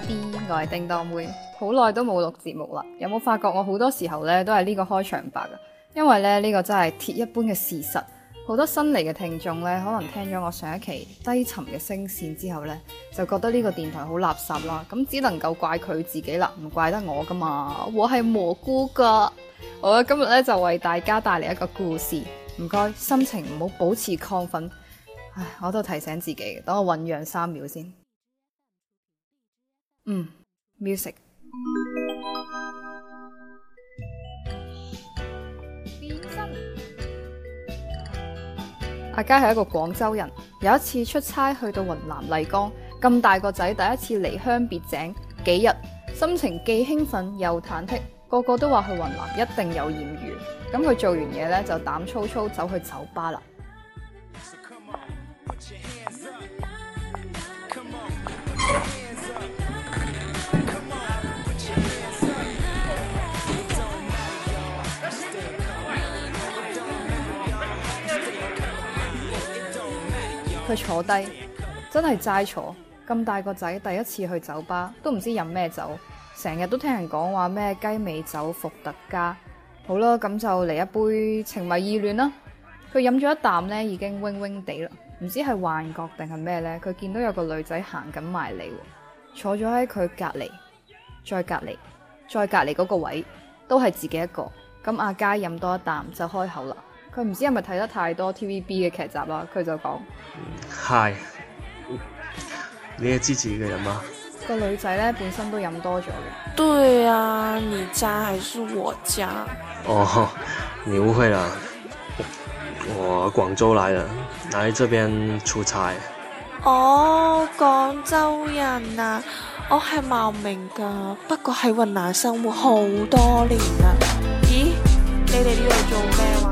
啲，我係叮當妹，好耐都冇錄節目啦。有冇發覺我好多時候呢都係呢個開場白噶？因為咧呢個真係鐵一般嘅事實。好多新嚟嘅聽眾呢，可能聽咗我上一期低沉嘅聲線之後呢，就覺得呢個電台好垃圾啦。咁只能夠怪佢自己啦，唔怪得我噶嘛。我係蘑菇噶。好啦，今日呢就為大家帶嚟一個故事。唔該，心情唔好保持亢奮。唉，我都提醒自己，等我醞釀三秒先。嗯、mm.，music。阿佳係一個廣州人，有一次出差去到雲南麗江，咁大個仔第一次離鄉別井，幾日心情既興奮又忐忑。個個都話去雲南一定有艷遇，咁佢做完嘢呢，就膽粗粗走去酒吧啦。坐低真係齋坐，咁大個仔第一次去酒吧，都唔知飲咩酒，成日都聽人講話咩雞尾酒伏特加，好啦，咁就嚟一杯情迷意亂啦。佢飲咗一啖呢，已經 wing wing 地啦，唔知係幻覺定係咩呢？佢見到有個女仔行緊埋嚟，坐咗喺佢隔離，再隔離，再隔離嗰個位都係自己一個。咁阿嘉飲多一啖就開口啦。佢唔知係咪睇得太多 TVB 嘅劇集啦，佢就講：Hi，你係支持嘅人嗎？個女仔咧，本身都飲多咗嘅。對啊，你家還是我家。哦、oh, oh，你誤會啦，我廣州嚟嘅，嚟呢邊出差。哦，廣州人啊，我係茂名噶，不過喺雲南生活好多年啦。咦，你哋呢度做咩話？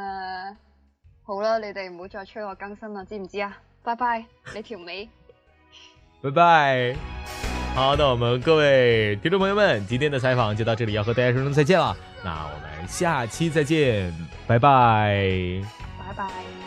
好啦，你哋唔好再催我更新啦，知唔知啊？拜拜，你條尾，拜拜。好，那我們各位聽眾朋友們，今天的採訪就到這裏，要和大家說聲再見了，那我們下期再見，拜拜，拜拜。